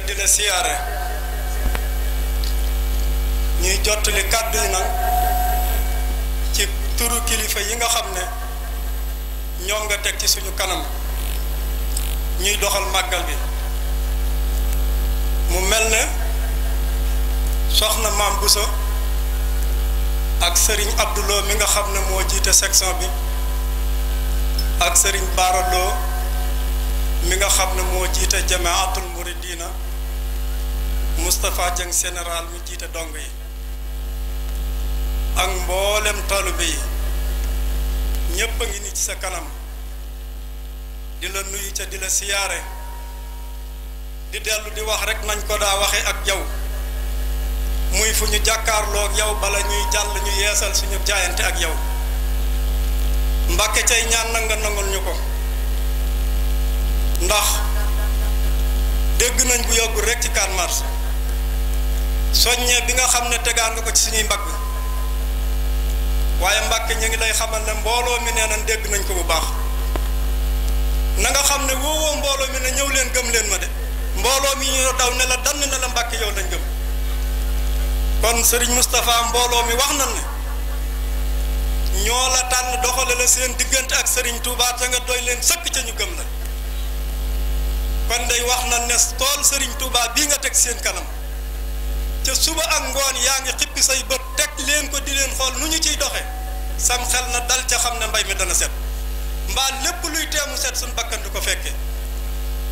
ca la siyaare ñuy jottali kàddu yi nag ci turu kilifa yi nga xam ne ñoom nga teg ci suñu kanam ñuy doxal màggal bi mu mel ne soxna maam Bousso ak sëriñ Abdouloo mi nga xam ne moo jiite section bi ak sëriñ Baaraloo mi nga xam ne moo jiite jamaatul diina Moustapha Dieng seneraal mu jiite dong yi ak mboolem taalibe yi ñépp a ngi ni ci sa kanam di la nuyu ca di la siyaare di dellu di wax rek nañ ko daa waxe ak yow muy fu ñu jàkkaarloo yow bala ñuy jàll ñu yeesal suñu jaayante ak yow Mbàkke cay ñaan na nga ñu ko ndax dégg nañ bu yàggul rek ci 4 mars soññee bi nga xam ne tegaan nga ko ci suñuy mbagg waaye Mbàkke ñu ngi lay xamal ne mbooloo mi nee nañ dégg nañ ko bu baax na nga xam ne woowoo mbooloo mi ne ñëw leen gëm leen ma de mbooloo mi ñu daw ne la dann ne la Mbàkke yow lañ gëm kon Serigne Moustapha mbooloo mi wax na ne ñoo la tànn doxale la seen diggante ak Serigne Touba te nga doy leen sëkk ca ñu gëm la. kon day wax na nes tol Serigne Touba bi nga tek sen kanam ci suba ak ngone ya nga xippi say bët tek len ko di len xol nuñu ci doxé sam xel na dal ci xamna mbay mi dana set mba lepp luy temu set sun bakkan du ko fekke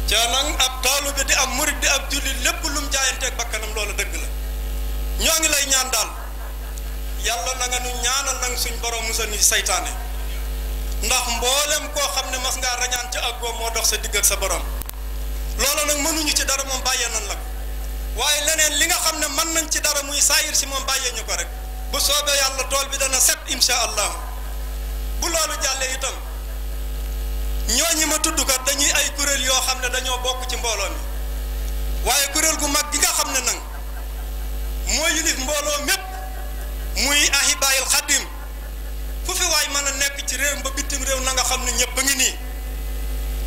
ci nang ab toolu bi di am murit di ab julli lepp lum ak bakkanam lolu deug la ñoo ngi lay ñaan dal yalla na nga nu ñaanal nang suñ borom musa ni saytane ndax mboolem ko xamne mas nga rañan ci ak mo dox sa digg ak sa borom loola nag mënuñu ci dara moom bàyyee nan la ko waaye leneen li nga xam ne mën nañ ci dara muy saayir si moom bàyyee ñu ko rek bu soobee yàlla tool bi dana set insha allah bu loolu jàllee itam ñooñi ma tudd kat dañuy ay kuréel yoo xam ne dañoo bokk ci mbooloo mi waaye kuréel gu mag gi nga xam ne nag moo yilif mbooloo mépp muy ahibaayil xadim fu fi waay mën a nekk ci réew ba bitim réew na nga xam ne ñëpp a ngi nii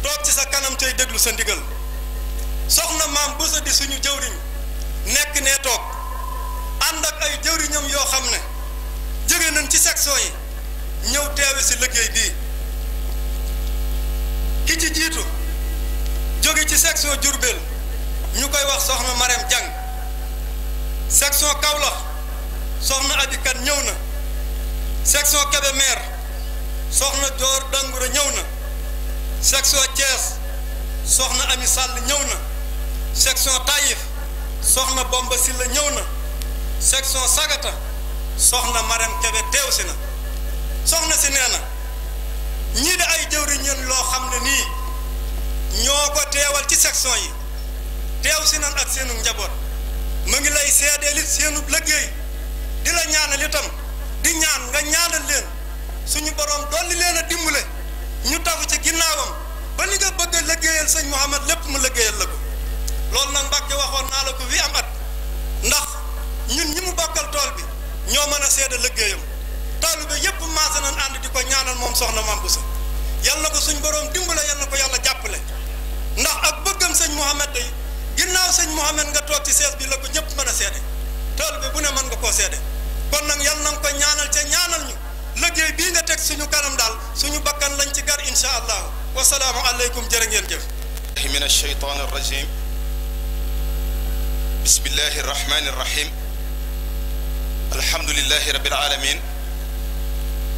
toog ci sa kanam tey déglu sa soxna maam bu sa di suñu jëwriñ nekk ne toog ànd ak ay jëwriñam yoo xam ne jóge nañ ci section yi ñëw teewe si liggéey bii ki ci jiitu jóge ci section Diourbel ñu koy wax soxna Marème Diang section Kaolack soxna Abi Kan ñëw na section Kébémer soxna Dior Dangoura ñëw na section Thiès soxna Ami Sall ñëw na section Taïf soxna si la ñëw na section Sagata soxna Maram Kebe teew si na soxna si nee na ñii de ay jëw jëwri ñun loo xam ne nii ñoo ko teewal ci section yi teew si na ak seenu njaboot mu ngi lay seedeel it seenu liggéey di la ñaanal itam di ñaan nga ñaanal leen suñu borom dolli leen a dimbule ñu tafu ci ginnaawam ba li nga bëgg a liggéeyal sëñ Mouhamad lépp mu liggéeyal la ko. loolu nag Mbàkke waxoon naa la ko wi am at ndax ñun ñi mu bokkal tool bi ñoo mën a seede liggéeyam tool bi yépp maase nañ ànd di ko ñaanal moom soxna Mame Bousso yal na ko suñ boroom dimbale yal na ko yàlla jàppale ndax ak bëggam sëñ Mouhamed day ginnaaw sëñ Mouhamed nga toog ci sees bi la ko ñëpp mën a seede tool bi bu ne mën nga koo seede kon nag yal na ko ñaanal ca ñaanal ñu liggéey bii nga teg suñu kanam daal suñu bakkan lañ ci gar incha allah wasalaamu aleykum jërë ngeen jëf min alsheytaan alrajim بسم الله الرحمن الرحيم الحمد لله رب العالمين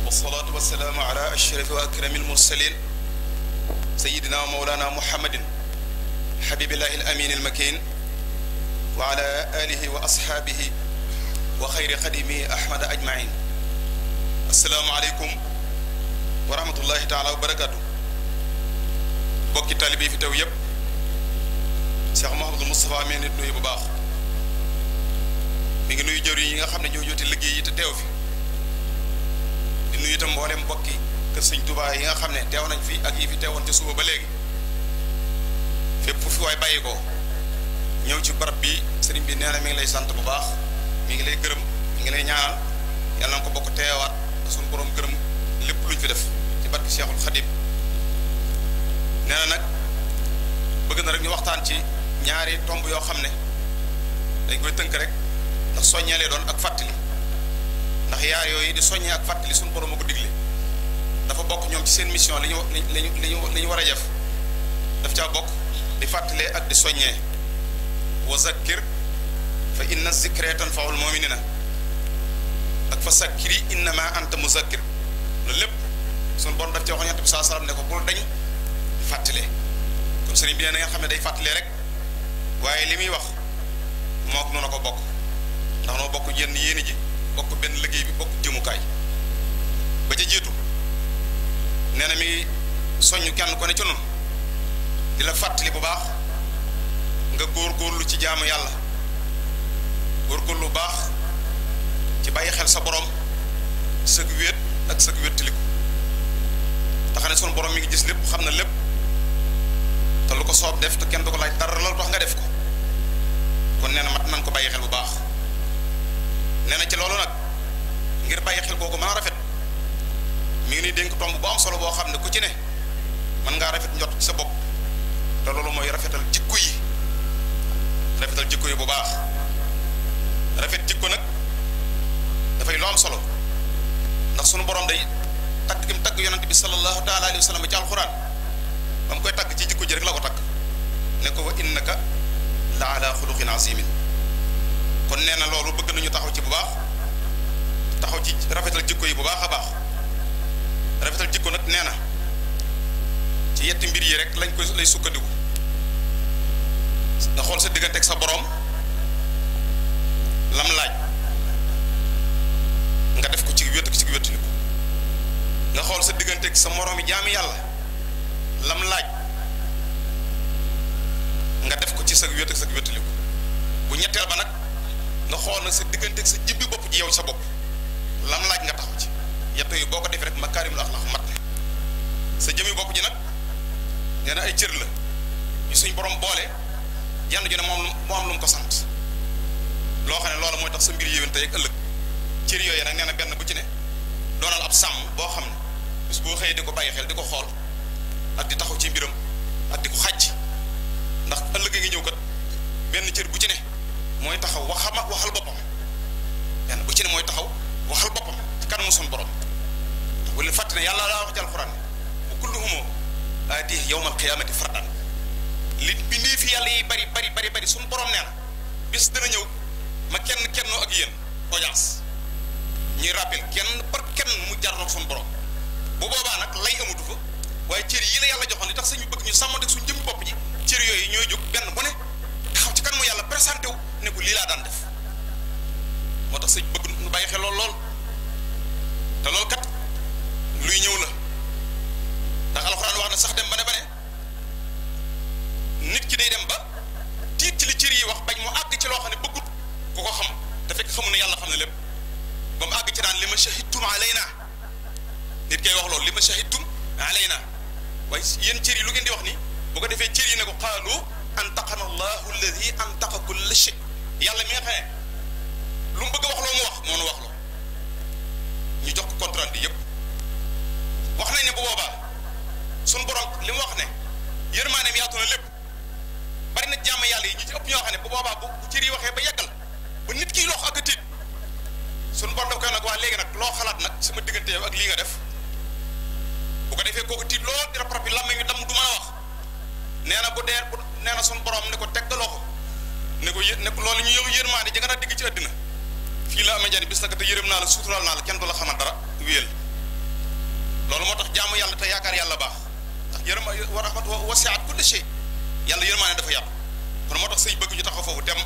والصلاة والسلام على الشرف وأكرم المرسلين سيدنا ومولانا محمد حبيب الله الأمين المكين وعلى آله وأصحابه وخير خديمه أحمد أجمعين السلام عليكم ورحمة الله تعالى وبركاته bokki talibi fi teew yépp Cheikh Mouhamadou Moustapha mee mi ngi nuyu jëriñ yi nga xam ne ñoo joti liggéey yi te teew fi di nuyu itam mboolem mbokki kër sëñ Tuubaa yi nga xam ne teew nañ fi ak yi fi deewoon te suba ba léegi fépp fu fi waay bàyyi ko ñëw ci barab bi sëriñ bi nee na ngi lay sant bu baax mi ngi lay gërëm mi ngi lay ñaanal ko bokk teewaat suñu borom gërëm lépp luñ fi def ci barki Seexul Xadim nee na nag bëgg na rek ñu waxtaan ci ñaari tomb yoo xam ne dañ koy tënk rek. ndax soññee lay doon ak fàttali ndax yaar yooyu di soññee ak fàttali suñu borom a ko digle dafa bokk ñoom ci seen mission li ñu li ñu li ñu ñu war a jëf daf caa bokk di fàttalee ak di soññee wa zakkir fa inna zikra tanfaul muminina ak fa sakkiri innama anta muzakkir loolu lépp suñu borom daf cee wax ñett bi saa salaam ne ko bul dañ fàttale fàttalee kon sëriñ bi na nga xam ne day fàttalee rek waaye li muy wax moo ko noonu ko bokk. ndax noo bokk yenn yéene ji bokk benn liggéey bi bokk jëmukaay ba ca jéetu nee na mi ngi soññ kenn ko ne noonu di la fàttali bu baax nga góor góorlu ci jaamu yàlla góor góorgóorlu bu baax ci bàyyi xel sa borom sëg wéet ak sëg wéttaliku te xam ne sunu borom mi ngi gis lépp xam na lépp te lu ko soob def te kenn du ko laaj tar la tax nga def ko kon nee na mat nan ko bàyyi xel bu baax. nee na ci loolu nag ngir bàyyi xel googu mën a rafet mi ngi ni dénk tomb boo am solo boo xam ne ku ci ne mën ngaa rafet njot ci sa bopp te loolu mooy rafetal jikko yi rafetal jikko bu baax rafet jikko nag dafay lu am solo ndax sunu borom day tagg gi mu tagg yonent bi sallallahu taala alayhi wa sallam ci alxuraan ba mu koy takk ci jikko ji rek la ko tagg ne ko wa innaka la ala xuluqin azimin kon nee na loolu bëgg nañu taxaw ci bu baax taxaw ci rafetal jikko yi bu baax a baax rafetal jikko nag nee na ci yetti mbir yi rek lañ koy lay sukkandiku nga xool sa diggante ak sa boroom lam laaj nga def ko ci wétu ci wétu nga xool sa diggante ak sa moroomi jaami yàlla lam laaj nga def ko ci sa wétu sa wétu bu ñetteel ba nag. nga xool nag sa diggante sa jibbi bopp ji yow sa bopp lam laaj nga taxaw ci yett yu boo ko defee rek makaarimul akhlaq mat sa jëmi bopp ji nag nee na ay cër la ñu suñ borom boole jenn ju ne moom mu am lu ko sant loo xam ne loolu mooy tax sa mbir yéwén tey ak ëllëg cër yooyu nag nee na benn bu ci ne doonal ab sàmm boo xam ne bis boo xëyee di ko bàyyi xel di ko xool ak di taxaw ci mbiram ak di ko xàjj ndax ëllëg a ngi ñëw kat benn cër bu ci ne moy taxaw waxama waxal bopam benn bu ci ne moy taxaw waxal bopam kan mo sun borom wala fàttali ne yàlla laa wax ci qur'an bu kulluhum ati yowmal qiyamati fardan li bindi fi yalla yi bari bari bari bari sun borom neena bis dana ñew ma kenn kenn ak yéen audience ñi rappel kenn par kenn mu jar jarnoog sun borom bu boba nak lay amutu fa waaye cër yi la yalla joxoon li tax sañu bëgg ñu sàmmante suñu jëm bop ji cër yoy ñoy juk benn bu ne kanamu yàlla présenté wu ne ko lii laa daan def moo tax sa bëgg nu bàyyi xel lool lool te loolu kat luy ñëw la ndax alxuraan wax na sax dem ba ne ba ne nit ki day dem ba tiit ci li cër yi wax bañ mu àgg ci loo xam ne bëggut ku ko xam te fekk xamu ne yàlla xam ne lépp ba mu àgg ci daan li ma shahidtum alayna nit kay wax loolu li ma shahidtum alayna waaye yéen cër yi lu ngeen di wax nii bu ko defee cër yi ne ko xaalu antaqana allahu alladhi antaqa kull shay yalla mi xé lu mu bëgg wax lo mu wax mo nu wax lo ñu jox ko contrat yépp wax nañ ne bu boba sun borom li mu wax ne yermane mi yatuna lepp bari na jamm yalla yi ñu ci ëpp ñoo xane bu boba bu ci ri waxé ba yagal bu nit ki lox ak tiit sun borom dafa nak wa légui nak lo xalat nak sama digënté ak li nga def bu ko defé koku tiit lo dara propi lamay ñu dam duma wax néna bu der nee na suñu borom ne ko teg loxo ne ko yé ne ko loolu ñu yow yërmaande ji nga daan digg ci àddina fii la amee njariñ bis naka te yërëm naa la suturaal naa la kenn du la xamal dara wéyal loolu moo tax jàmm yàlla te yaakaar yàlla baax ndax yërëm wa rahmat wasiat kulli shay yàlla yërmaane dafa yàlla kon moo tax sëy bëgg ñu taxaw foofu dem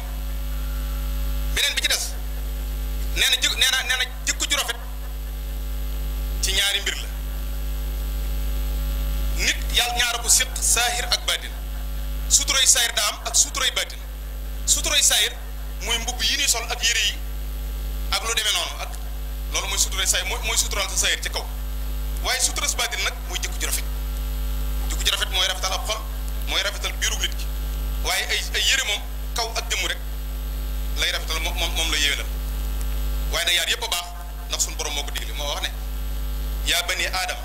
beneen bi ci des nee na jë nee na na jikko ju rafet ci ñaari mbir la nit yàlla ñaar ko séq saahir ak baatin suturay sayir daa am ak suturay bàttin suturay sayir mooy mbubb yi ñuy sol ak yére yi ak lu demee noonu ak loolu mooy suturay sayir mooy mooy suturaal sa sayir ci kaw waaye suturas bàttin nag mooy jikko ju rafet jikko ju rafet mooy rafetal ab xol mooy rafetal biiru nit ki waaye ay ay yére moom kaw ak jëmm rek lay rafetal moom moom la yéwénal waaye nag yaar yëpp a baax ndax suñu borom moo ko digle moo wax ne yaa bani aadama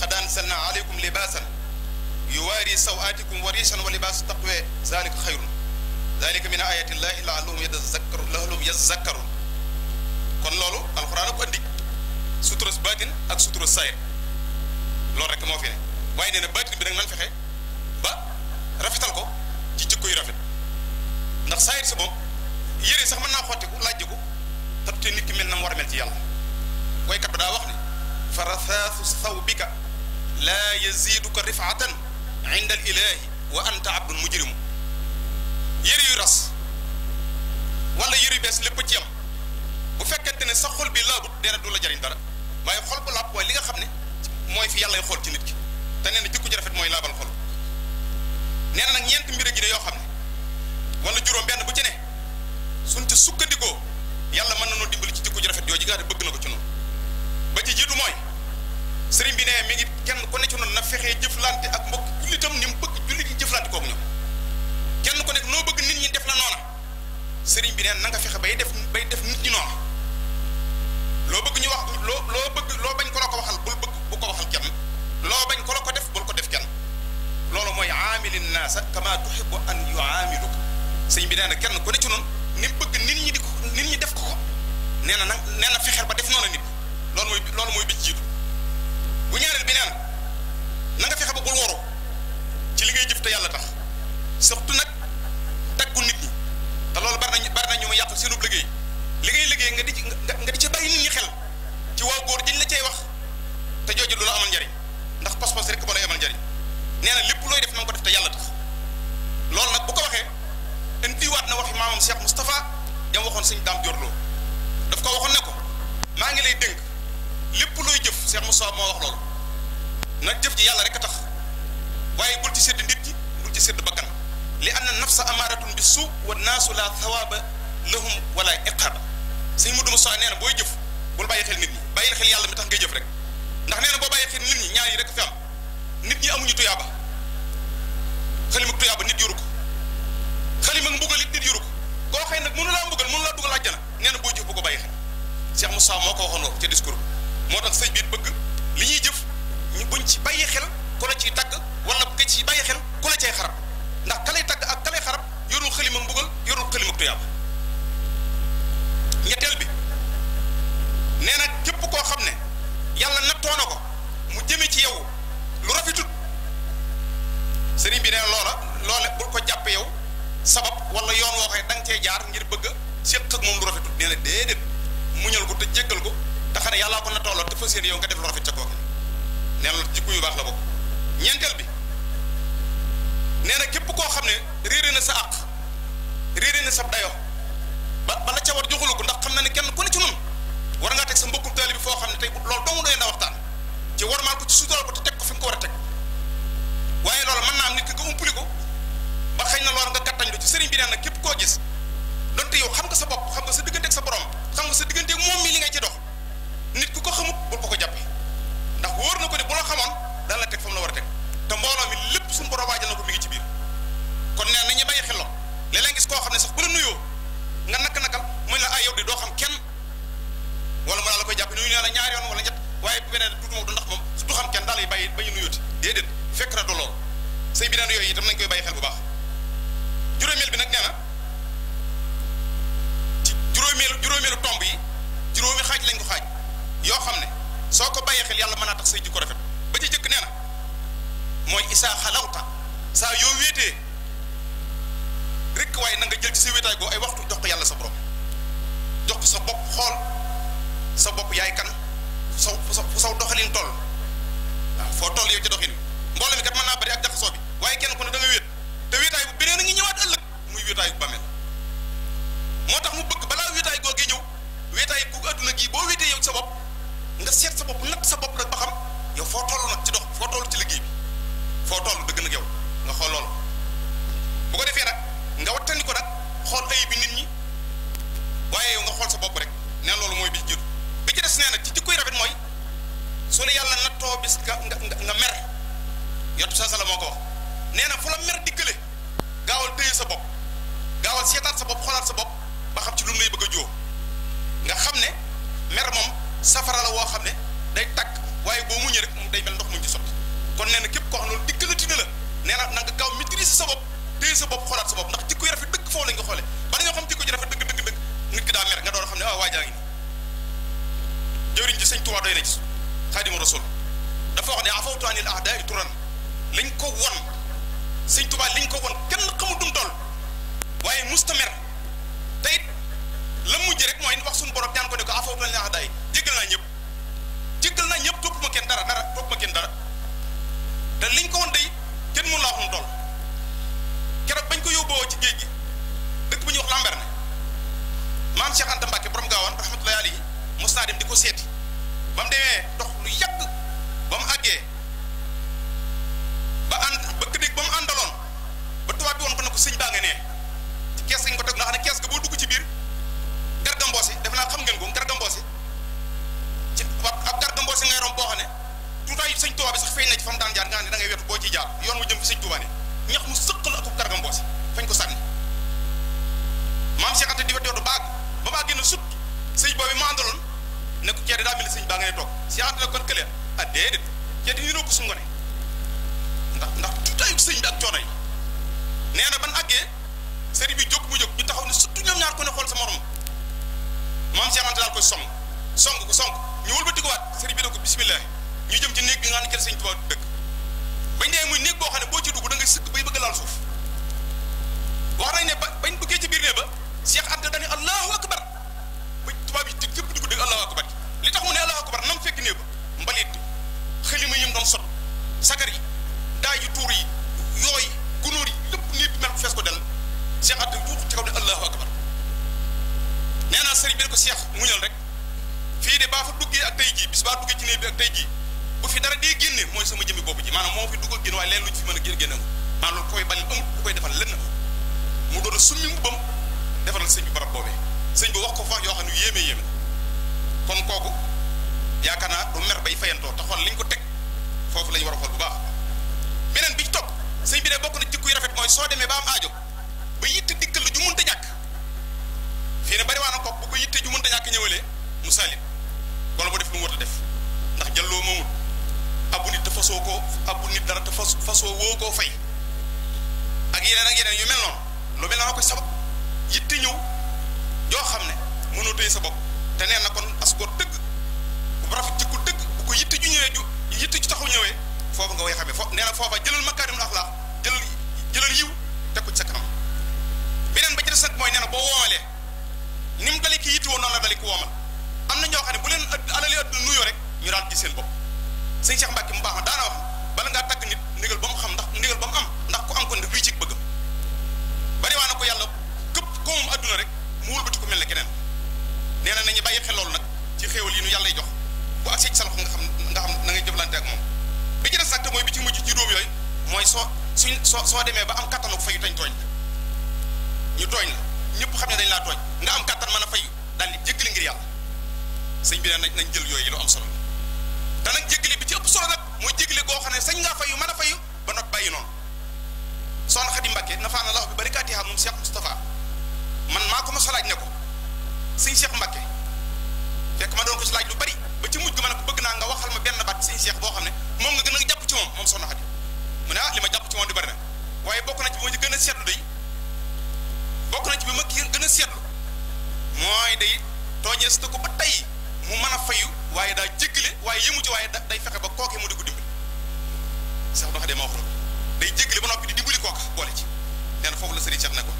xad anzalna aleykum libaasan يواري سوآتكم وريشا ولباس التقوى ذلك خير ذلك من آيات الله لعلهم يتذكر لهم يذكر كون لولو القرآن كون دي سترس باتن اك سترس سير لول رك مو فين واي نينا باتن بي با رافيتال كو تي جيكو يرافيت ناخ سير سي يري صاح مانا لا كو لاجيكو تاب تي نيت مين نام وار مل تي فرثاث ثوبك لا يزيدك رفعه inda al ilahi wa anta abdun mujrimu yëri yu ras wala yëri bees lépp ci am bu fekkente ne sa xol bi laabut deret la jariñ dara waaye xol bu laab waaye li nga xam ne mooy fi yàllay xool ci nit ki te nee na jikko mooy laabal xol nee na nag ñeent mbir a gi yoo xam ne wala juróom benn bu ci ne suñ ci sukkandikoo yàlla mën na noo dimbali ci jikko ji rafet yooyu ji nga xam bëgg na ko ci noonu ba ci jiitu mooy sëriñ bi ne mi ngi kenn ku ne ci noonu na fexee jëflante ak mbokk jullitam ni mu bëgg jullit ñi jëflante koog ñoom kenn ko nekk loo bëgg nit ñi def la noona sëriñ bi neen na nga fexe bay def def nit ñi loo bëgg ñu wax loo loo bëgg loo bañ ko la ko waxal bul ko waxal loo bañ ko la ko def bul ko def kenn loolu mooy aamili naasa kama tuhibu an yuaamilu ko sëriñ bi nee na kenn ku ne ci noonu ni bëgg nit ñi di ko nit ñi def ko ko nee na nag na fexeel ba def noona nit loolu mooy loolu mooy bi jiitu bu ñaareel bi nee na fexe ba bul woru li ngay jëf te yàlla tax surtout nag taggu nit ñi te loolu bari nañu bari nañu ma yàqal seenub liggéey li ngay liggéey nga di nga di ci bàyyi nit ñi xel ci waa góor ji ثواب sabab wala yoon woo xee da cee jaar ngir bëgg séq ak moom lu rafetul nee la déedéet muñal ko te jéggal ko te xam ne yàllaa ko na tolloo te fas yow nga def lu rafet ca kooke nee na jikko yu la bokk ñeenteel bi na képp koo xam ne réere na sa na sa dayo ba bala ca war joxulu ko ndax na ne kenn ku ne ci nun war ngaa teg sa mbokkum taali bi foo xam ne tey loolu dong doy na waxtaan ci war maal ko ci suutal ko te teg ko fi nga ko war a teg waaye loolu mën naa am nit ko nga umpali ko ba xëy na loolu nga gàttañ lu ci sëriñ bi nee na képp koo gis donte yow xam nga sa bopp xam nga sa diggante ak sa borom xam nga sa diggante ak moom mi li ngay ci dox nit ku ko xamut bul ko ko jàppe ndax wóor na ko ne bu la xamoon daan la mu la war a teg te mbooloo mi lépp suñu borom waajal na ko mi ngi ci biir kon nee nañu bàyyi xel lool léeg-léeg gis koo xam ne sax bu la nuyoo nga nakk nakal mu la ay ah, yow di doo xam kenn wala mu daal la koy jàppe nuyu naa la ñaari yoon wala ñett waaye bu beneen duutu moom du ndax moom du xam kenn daal lay bàyyi na du lool bu baax safara la woo xam ne day takk waaye boo muñee rek day mel ndox mu ci sotti kon nee na képp koo xam ne diggalati na la nee na na nga gaaw maîtriser sa bopp téye sa bopp xoolaat sa bopp ndax jikko yi rafet dëgg foofu la nga xoolee ba nga xam jikko ji rafet dëgg dëgg dëgg nit ki daa mer nga doon xam ne ah waajaa ngi nii jëwriñ ji sëñ Tuubaa doy na ci Xaadimu rasul dafa wax ne afawtu anil ahdaa turan lañ ko won sëñ Tuubaa liñ ko won kenn xamu dum toll waaye musta sëñ baa nga ne ci kees gi ñu ko sëriñ bi ne ko seex muñal rek fii de baa fa duggee ak tey jii bis baa duggee ci néeg bi ak tey jii bu fi dara dee génne mooy sama jëmmi bopp ji maanaam moo fi dugg ak génn waaye leen lu ci fi mën a génn génne maanaam loolu koy bal barab boobee sëñ wax ko fa yoo xam ne yéeme yéeme kon kooku yaakaar naa du mer bay fayantoo te xool li ko teg foofu lañ ñu war a xool bu baax beneen bi ci topp sëñ bi de bokk na jikko yu rafet mooy soo demee ba am aajo nee na bariwaa kook bu ko yitte ju mënta ñàkk ñëwalee mu salit wala mu def lu mu war a def ndax jëlloo moomut abu nit te fasoo koo abu nit dara te fas fasoo woo koo fay ak yeneen ak yeneen yu mel noonu lu mel noonu koy sabab yitte ñëw joo xam ne mënoo téye sa bopp te nee na kon as góor dëgg bu rafet ci ku dëgg bu ko yitte ju ñëwee ju yitte ju taxaw ñëwee foofu nga way xamee fo nee na foofa jëlal makaarimul jëlal jëlal yiw teg ko ci sa kanam xamali ku woomal am na ñoo xam ne bu leen alali adduna nuyoo rek ñu daal ci seen bopp sëñ Cheikh Mbacke mu baax ma daana wax bala nga tàgg nit ndigal ba mu xam ndax ndigal ba mu am ndax ku am ko ne luy cig bëggam bari waa na ko yàlla këpp ko moom rek mu wëlbati ku mel ne keneen nee na nañu bàyyi xel loolu nag ci xéewal yi nu yàlla jox bu agsee ci sa loxo nga xam nga xam na ngay jëflante ak moom bi ci des nag te mooy ci juróom yooyu mooy soo suñ soo soo demee ba am kattanu fayu tañ tooñ ñu tooñ ñëpp xam ne dañ laa tooñ nga am kattan man a fayu daal di jéggale ngir yàlla sëñ bi ne nañ jël yooyu lu am solo te nag jéggale bi ci ëpp solo nag mooy jéggale goo xam ne sañ ngaa fayu man a fayu ba not bàyyi noonu soxna Xadi Mbàkke nafaana law bi barakaatiha moom Cheikh Moustapha man maa ko ma solaaj ne ko sëñ Cheikh Mbàkke fekk ma doon ko solaaj lu bari ba ci mujj gi ma ne ko bëgg naa nga waxal ma benn baat sëñ seex boo xam ne moom nga gën a jàpp ci moom moom soxna Xadi mu ne ah li ma jàpp ci moom di bari na waaye bokk na ci bi ma gën a seetlu day bokk na ci bi ma gën a seetlu mooy day tooñees na ko ba tey mu mën a fayu waaye daa le waaye yëmu ci waaye day fexe ba kookee mu di ko dimbali Cheikh Abdou Khadim ma wax loolu day jéggale ba noppi di dimbali kooka boole ci nee na foofu la sëriñ Cheikh ne ko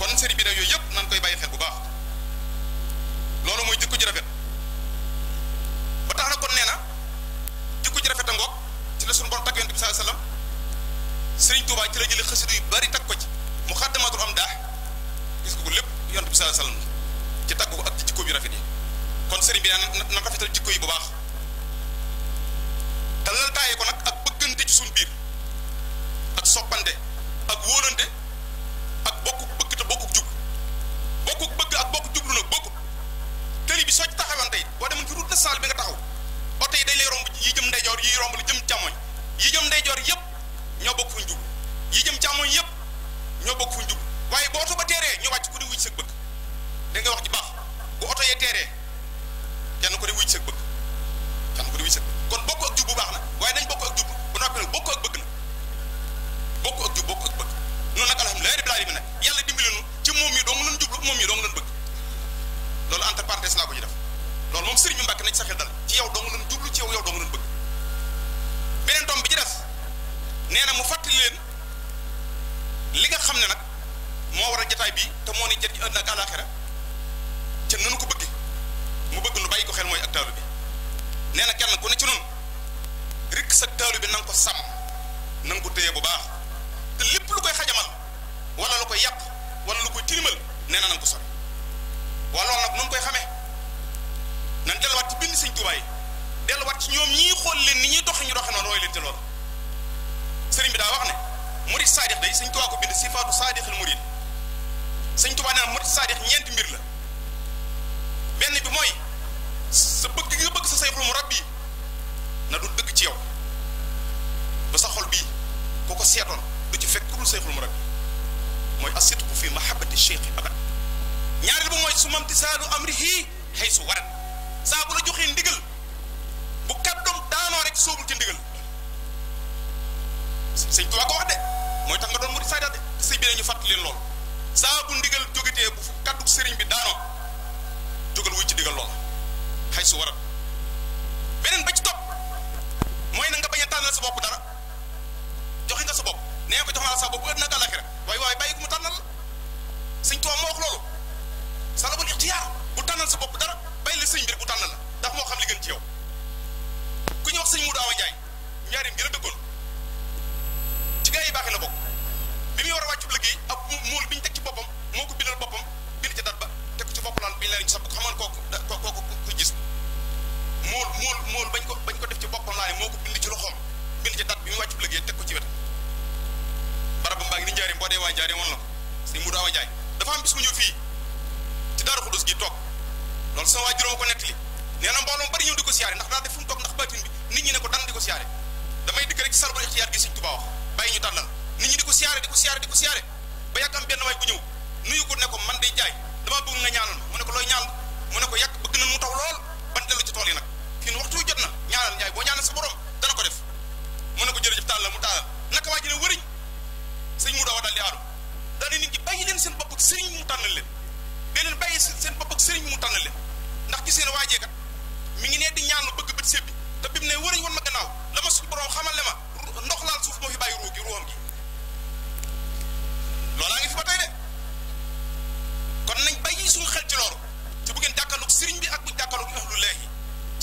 kon sëriñ bi nag yooyu yëpp nan koy bàyyi bu baax mooy jikko ji rafet ba tax na kon nee na jikko ji rafet ci ne sunu borom tagg yonent bi sallallahu alayhi wasallam sëriñ Touba ci la jëlee xasida yu bari tag ko ci mu xaddamaatul am daax gis ko ko lépp yonent bi sallallahu alayhi wasallam ci tàgg ko ak ci jikko bi rafet yi kon sëriñ bi na na rafetal jikko yi bu baax te lal taaye ko nag ak bëggante ci suñ biir ak soppante ak wóolante maanaam murid saadix ñeenti mbir bi mooy sa bëgg gi nga bëgg sa sayxul ci yow ba sa xol bii ku ko seetoon du ci fekk ku dul sayxul fi mahabbati cheikhi abad ñaareel bu mooy su mamtisaalu amrihi xëy su warat saa la joxee ndigal bu kàddoom daanoo rek soobul ci ndigal sëñ Tuubaa ko wax de mooy tax nga doon murid saadix de sëñ bi ñu fàttali leen loolu saa bu ndigal jógatee bu fu kaddu sëriñ bi daanoo jógal wuy ci ndigal lool xay su waral beneen ba ci topp mooy na nga bañ a sa bopp dara joxe nga sa bopp nee ko jox sa bopp ëddina ak àlaxira waaye waaye bàyyi mu tànnal sëñ tuwa moo wax loolu salabul ixtiyaar bu tànnal sa bopp dara bàyyi la sëñ bi bu tànnal ndax xam li gën ci yow ku ñu wax ci yi bokk bi muy war a wàccu liggéey ab muul bi ñu teg ci boppam moo ko bindal boppam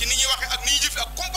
ni ñuy waxee ak ni ñuy jëfee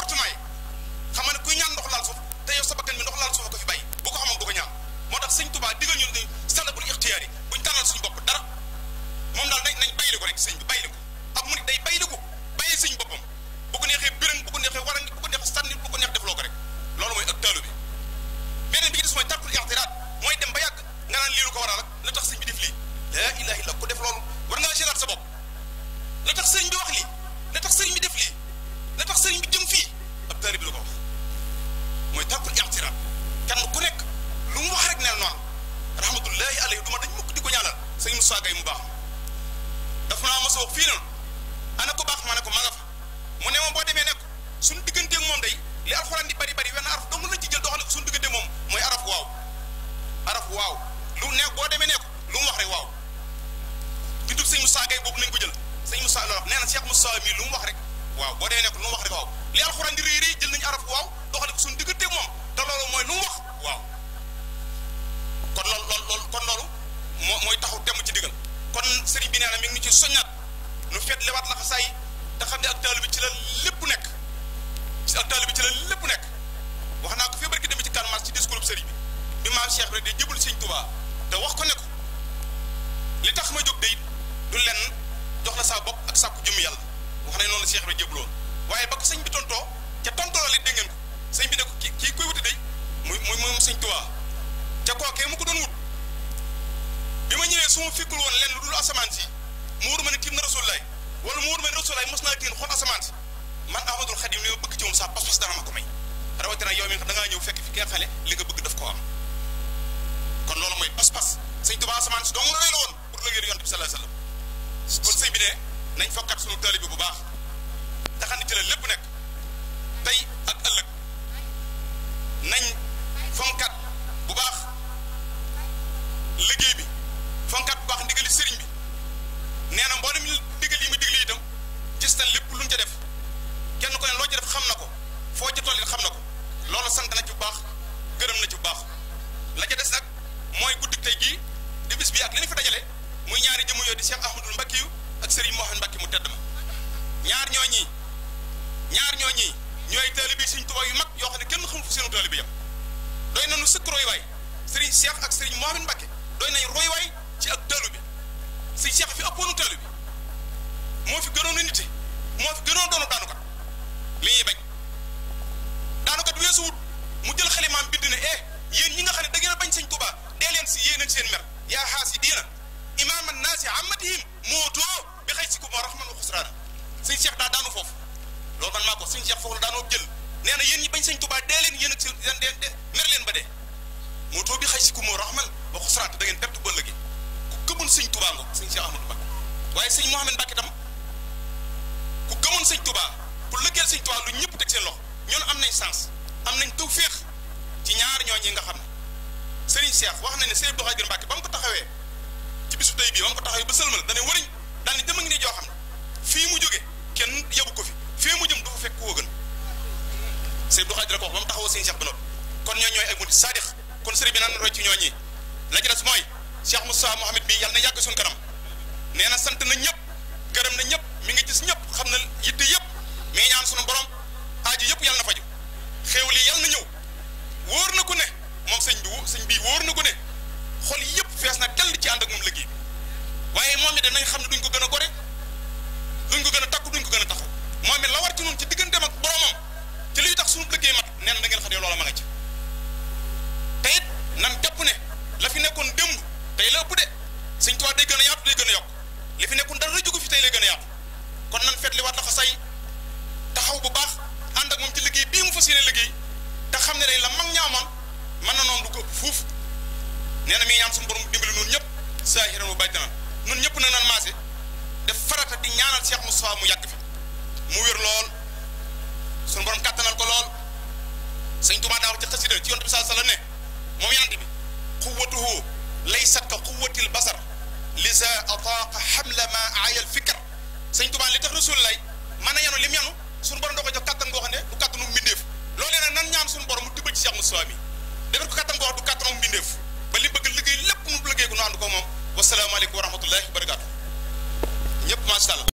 na Cheikh Moussa mii lu mu wax rek waaw boo dee nekk lu mu wax rek waaw li alxuraan di rëy rëy jël nañu araf waaw doxale ko suñu diggante moom te loolu mooy lu mu wax waaw kon lool loolu loolu kon loolu moo mooy taxu dem ci diggal kon sëriñ bi nee na mi ngi ñu ci soññaat nu fet lewaat la xasaay te xam ne ak taalibe bi ci la lépp nekk ci ak taalibe bi ci la lépp nekk wax naa ko fii barki dem ci kan mars ci discours sëriñ bi bi maam Cheikh rek di jëbal Sëriñ te wax ko ne ko ma jóg de it jox la saa bopp ak sàkku jëmm yàlla wax nañ noonu la Cheikh Ibra jébloon waaye ba ko sëñ bi tontoo ca tontoo la dégg ngeen ko sëñ bi ne ko kii kii koy wuti day muy muy moom sëñ Tuubaa ca kookee mu ko doon wut bi ma ñëwee su ma fikkul woon lenn lu dul asamaan si ma ne tiim na rasulaay wala mu wóor ma ne rasulaay mos naa tiim xool asamaan si man Ahmadul Xadim li ma bëgg ci moom saa pas-pas dana ko may rawatina yow mi nga xam ñëw fekk fi kenn xale li nga bëgg def ko am kon loolu mooy pas-pas sëñ Tuubaa asamaan si dong la woon pour liggéeyal yonent bi sallallahu de nañ fokkat suñu talibi bu baax taxanitale lépp nag tey ak ëllëg nañ